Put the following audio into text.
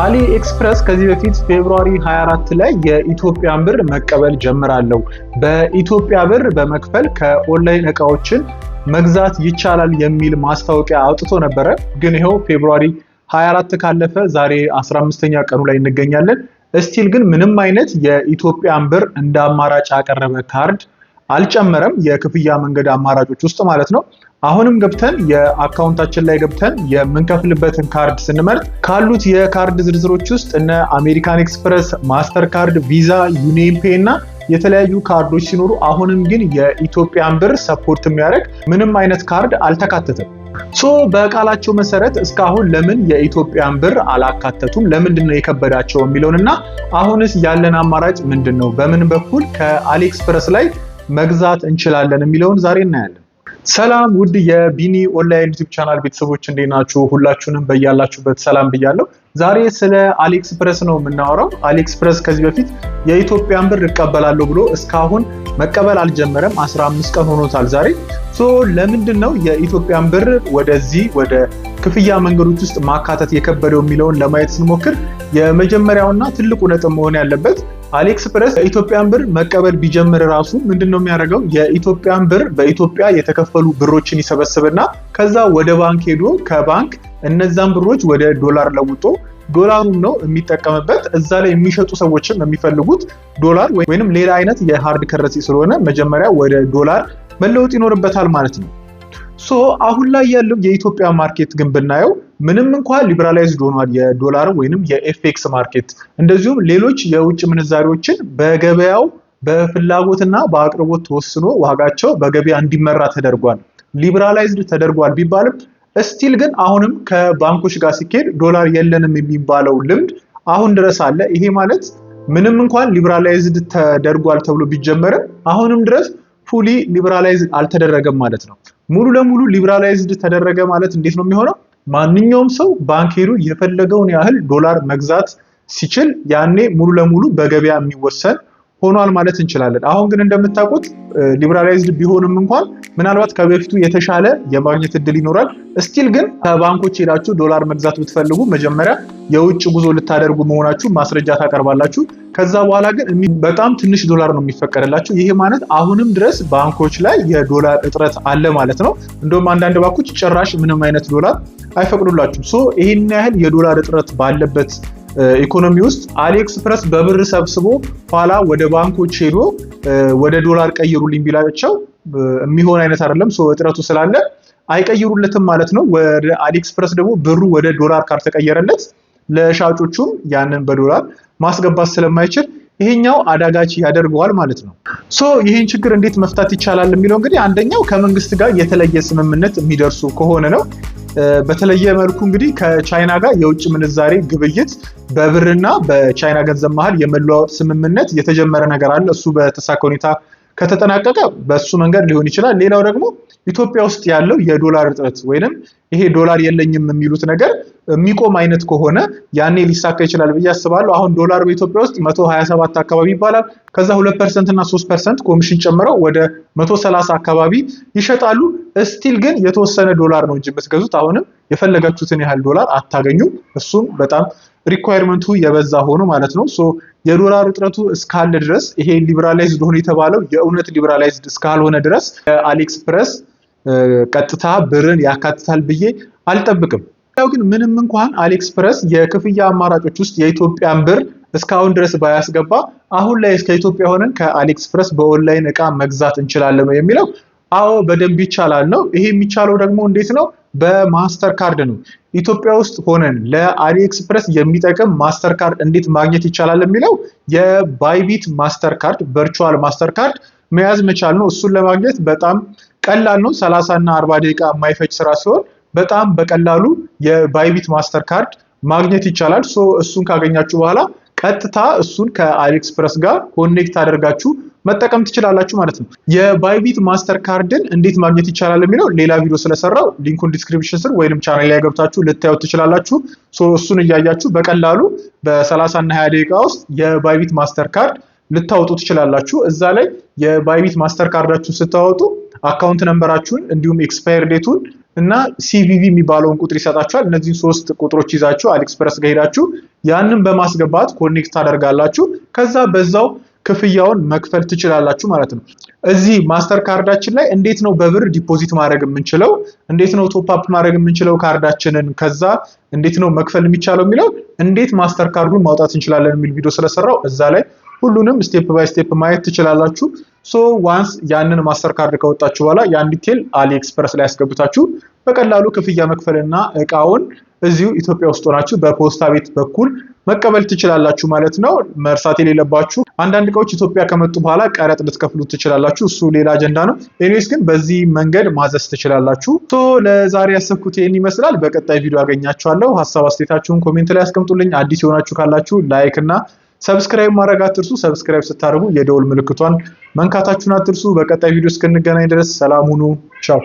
አሊ ኤክስፕረስ ከዚህ በፊት ፌብሩዋሪ 24 ላይ የኢትዮጵያን ብር መቀበል ጀምራለሁ፣ በኢትዮጵያ ብር በመክፈል ከኦንላይን እቃዎችን መግዛት ይቻላል የሚል ማስታወቂያ አውጥቶ ነበረ። ግን ይኸው ፌብሩዋሪ 24 ካለፈ ዛሬ 15ኛ ቀኑ ላይ እንገኛለን። እስቲል ግን ምንም አይነት የኢትዮጵያን ብር እንደ አማራጭ ያቀረበ ካርድ አልጨመረም፣ የክፍያ መንገድ አማራጮች ውስጥ ማለት ነው። አሁንም ገብተን የአካውንታችን ላይ ገብተን የምንከፍልበትን ካርድ ስንመርጥ ካሉት የካርድ ዝርዝሮች ውስጥ እነ አሜሪካን ኤክስፕረስ፣ ማስተር ካርድ፣ ቪዛ፣ ዩኒየን ፔይ እና የተለያዩ ካርዶች ሲኖሩ አሁንም ግን የኢትዮጵያን ብር ሰፖርት የሚያደርግ ምንም አይነት ካርድ አልተካተተም። ሶ በቃላቸው መሰረት እስካሁን ለምን የኢትዮጵያን ብር አላካተቱም? ለምንድን ነው የከበዳቸው የሚለውን እና አሁንስ ያለን አማራጭ ምንድን ነው፣ በምን በኩል ከአሊኤክስፕረስ ላይ መግዛት እንችላለን የሚለውን ዛሬ እናያለን። ሰላም ውድ የቢኒ ኦንላይን ዩቲዩብ ቻናል ቤተሰቦች እንዴት ናችሁ? ሁላችሁንም በያላችሁበት ሰላም ብያለሁ። ዛሬ ስለ አሊኤክስፕረስ ነው የምናወራው። አሊኤክስፕረስ ከዚህ በፊት የኢትዮጵያን ብር እቀበላለሁ ብሎ እስካሁን መቀበል አልጀመረም። 15 ቀን ሆኖታል ዛሬ። ሶ ለምንድን ነው የኢትዮጵያን ብር ወደዚህ ወደ ክፍያ መንገዶች ውስጥ ማካተት የከበደው የሚለውን ለማየት ስንሞክር የመጀመሪያውና ትልቁ ነጥብ መሆን ያለበት አሊኤክስፕረስ የኢትዮጵያን ብር መቀበል ቢጀምር ራሱ ምንድን ነው የሚያደርገው? የኢትዮጵያን ብር በኢትዮጵያ የተከፈሉ ብሮችን ይሰበስብና ከዛ ወደ ባንክ ሄዶ ከባንክ እነዛን ብሮች ወደ ዶላር ለውጦ ዶላሩን ነው የሚጠቀምበት። እዛ ላይ የሚሸጡ ሰዎችም የሚፈልጉት ዶላር ወይም ሌላ አይነት የሃርድ ከረንሲ ስለሆነ መጀመሪያ ወደ ዶላር መለወጥ ይኖርበታል ማለት ነው። ሶ አሁን ላይ ያለው የኢትዮጵያ ማርኬት ግን ብናየው ምንም እንኳ ሊበራላይዝድ ሆኗል የዶላር ወይንም የኤፍኤክስ ማርኬት እንደዚሁም ሌሎች የውጭ ምንዛሪዎችን በገበያው በፍላጎትና በአቅርቦት ተወስኖ ዋጋቸው በገበያ እንዲመራ ተደርጓል። ሊበራላይዝድ ተደርጓል ቢባልም እስቲል ግን አሁንም ከባንኮች ጋር ሲኬድ ዶላር የለንም የሚባለው ልምድ አሁን ድረስ አለ። ይሄ ማለት ምንም እንኳን ሊበራላይዝድ ተደርጓል ተብሎ ቢጀመርም አሁንም ድረስ ፉሊ ሊበራላይዝድ አልተደረገም ማለት ነው። ሙሉ ለሙሉ ሊበራላይዝድ ተደረገ ማለት እንዴት ነው የሚሆነው? ማንኛውም ሰው ባንክ ሄዶ የፈለገውን ያህል ዶላር መግዛት ሲችል ያኔ ሙሉ ለሙሉ በገበያ የሚወሰን ሆኗል ማለት እንችላለን። አሁን ግን እንደምታውቁት ሊብራላይዝድ ቢሆንም እንኳን ምናልባት ከበፊቱ የተሻለ የማግኘት እድል ይኖራል። እስቲል ግን ከባንኮች ሄዳችሁ ዶላር መግዛት ብትፈልጉ መጀመሪያ የውጭ ጉዞ ልታደርጉ መሆናችሁ ማስረጃ ታቀርባላችሁ። ከዛ በኋላ ግን በጣም ትንሽ ዶላር ነው የሚፈቀድላችሁ። ይሄ ማለት አሁንም ድረስ ባንኮች ላይ የዶላር እጥረት አለ ማለት ነው። እንደውም አንዳንድ ባንኮች ጭራሽ ምንም አይነት ዶላር አይፈቅዱላችሁም። ሶ ይህን ያህል የዶላር እጥረት ባለበት ኢኮኖሚ ውስጥ አሊኤክስፕረስ በብር ሰብስቦ ኋላ ወደ ባንኮች ሄዶ ወደ ዶላር ቀይሩልኝ ቢላቸው የሚሆን አይነት አይደለም። እጥረቱ ስላለ አይቀይሩለትም ማለት ነው። ወደ አሊኤክስፕረስ ደግሞ ብሩ ወደ ዶላር ካልተቀየረለት ለሻጮቹም ያንን በዶላር ማስገባት ስለማይችል ይሄኛው አዳጋች ያደርገዋል ማለት ነው። ሶ ይህን ችግር እንዴት መፍታት ይቻላል የሚለው እንግዲህ አንደኛው ከመንግስት ጋር የተለየ ስምምነት የሚደርሱ ከሆነ ነው። በተለየ መልኩ እንግዲህ ከቻይና ጋር የውጭ ምንዛሬ ግብይት በብርና በቻይና ገንዘብ መሀል የመለዋወጥ ስምምነት የተጀመረ ነገር አለ። እሱ በተሳካ ሁኔታ ከተጠናቀቀ በሱ መንገድ ሊሆን ይችላል። ሌላው ደግሞ ኢትዮጵያ ውስጥ ያለው የዶላር እጥረት ወይንም ይሄ ዶላር የለኝም የሚሉት ነገር የሚቆም አይነት ከሆነ ያኔ ሊሳካ ይችላል ብዬ አስባለሁ። አሁን ዶላር በኢትዮጵያ ውስጥ 127 አካባቢ ይባላል። ከዛ 2 ፐርሰንት እና 3 ፐርሰንት ኮሚሽን ጨምረው ወደ 130 አካባቢ ይሸጣሉ። እስቲል ግን የተወሰነ ዶላር ነው እንጂ የምትገዙት አሁንም የፈለጋችሁትን ያህል ዶላር አታገኙም። እሱም በጣም ሪኳየርመንቱ የበዛ ሆኖ ማለት ነው። ሶ የዶላር ውጥረቱ እስካለ ድረስ ይሄ ሊብራላይዝድ ሆኖ የተባለው የእውነት ሊብራላይዝድ እስካልሆነ ድረስ አሊኤክስፕረስ ቀጥታ ብርን ያካትታል ብዬ አልጠብቅም። ያው ግን ምንም እንኳን አሊኤክስፕረስ የክፍያ አማራጮች ውስጥ የኢትዮጵያን ብር እስካሁን ድረስ ባያስገባ አሁን ላይ ከኢትዮጵያ ሆነን ከአሊኤክስፕረስ በኦንላይን እቃ መግዛት እንችላለን ነው የሚለው። አዎ በደንብ ይቻላል ነው። ይሄ የሚቻለው ደግሞ እንዴት ነው? በማስተር ካርድ ነው። ኢትዮጵያ ውስጥ ሆነን ለአሊኤክስፕረስ የሚጠቅም ማስተር ካርድ እንዴት ማግኘት ይቻላል የሚለው የባይቢት ማስተር ካርድ ቨርቹዋል ማስተር ካርድ መያዝ መቻል ነው። እሱን ለማግኘት በጣም ቀላል ነው። ሰላሳ እና አርባ ደቂቃ የማይፈጅ ስራ ሲሆን በጣም በቀላሉ የባይቢት ማስተር ካርድ ማግኘት ይቻላል። ሶ እሱን ካገኛችሁ በኋላ ቀጥታ እሱን ከአሊኤክስፕረስ ጋር ኮኔክት አደርጋችሁ መጠቀም ትችላላችሁ ማለት ነው። የባይቢት ማስተር ካርድን እንዴት ማግኘት ይቻላል የሚለው ሌላ ቪዲዮ ስለሰራው ሊንኩን ዲስክሪፕሽን ስር ወይም ቻናል ላይ ገብታችሁ ልታዩት ትችላላችሁ። እሱን እያያችሁ በቀላሉ በ30 እና 20 ደቂቃ ውስጥ የባይቢት ማስተር ካርድ ልታወጡ ትችላላችሁ። እዛ ላይ የባይቢት ማስተር ካርዳችሁን ስታወጡ አካውንት ነንበራችሁን እንዲሁም ኤክስፓየር ዴቱን እና ሲቪቪ የሚባለውን ቁጥር ይሰጣችኋል። እነዚህን ሶስት ቁጥሮች ይዛችሁ አሊኤክስፕረስ ጋር ሄዳችሁ ያንን በማስገባት ኮኔክት ታደርጋላችሁ። ከዛ በዛው ክፍያውን መክፈል ትችላላችሁ ማለት ነው። እዚህ ማስተር ካርዳችን ላይ እንዴት ነው በብር ዲፖዚት ማድረግ የምንችለው፣ እንዴት ነው ቶፕ አፕ ማድረግ የምንችለው ካርዳችንን፣ ከዛ እንዴት ነው መክፈል የሚቻለው የሚለው እንዴት ማስተር ካርዱን ማውጣት እንችላለን የሚል ቪዲዮ ስለሰራው እዛ ላይ ሁሉንም ስቴፕ ባይ ስቴፕ ማየት ትችላላችሁ። ሶ ዋንስ ያንን ማስተር ካርድ ከወጣችሁ በኋላ ያን ዲቴል አሊ ኤክስፕረስ ላይ ያስገቡታችሁ በቀላሉ ክፍያ መክፈልና እቃውን እዚሁ ኢትዮጵያ ውስጥ ሆናችሁ በፖስታ ቤት በኩል መቀበል ትችላላችሁ ማለት ነው። መርሳት የሌለባችሁ አንዳንድ እቃዎች ኢትዮጵያ ከመጡ በኋላ ቀረጥ ልትከፍሉ ትችላላችሁ። እሱ ሌላ አጀንዳ ነው። ኤኒዌይስ ግን በዚህ መንገድ ማዘዝ ትችላላችሁ። ቶ ለዛሬ ያሰብኩት ይህን ይመስላል። በቀጣይ ቪዲዮ አገኛችኋለሁ። ሀሳብ አስተያየታችሁን ኮሜንት ላይ ያስቀምጡልኝ። አዲስ የሆናችሁ ካላችሁ ላይክ እና ሰብስክራይብ ማድረግ አትርሱ። ሰብስክራይብ ስታደርጉ የደውል ምልክቷን መንካታችሁን አትርሱ። በቀጣይ ቪዲዮ እስክንገናኝ ድረስ ሰላም ሁኑ። ቻው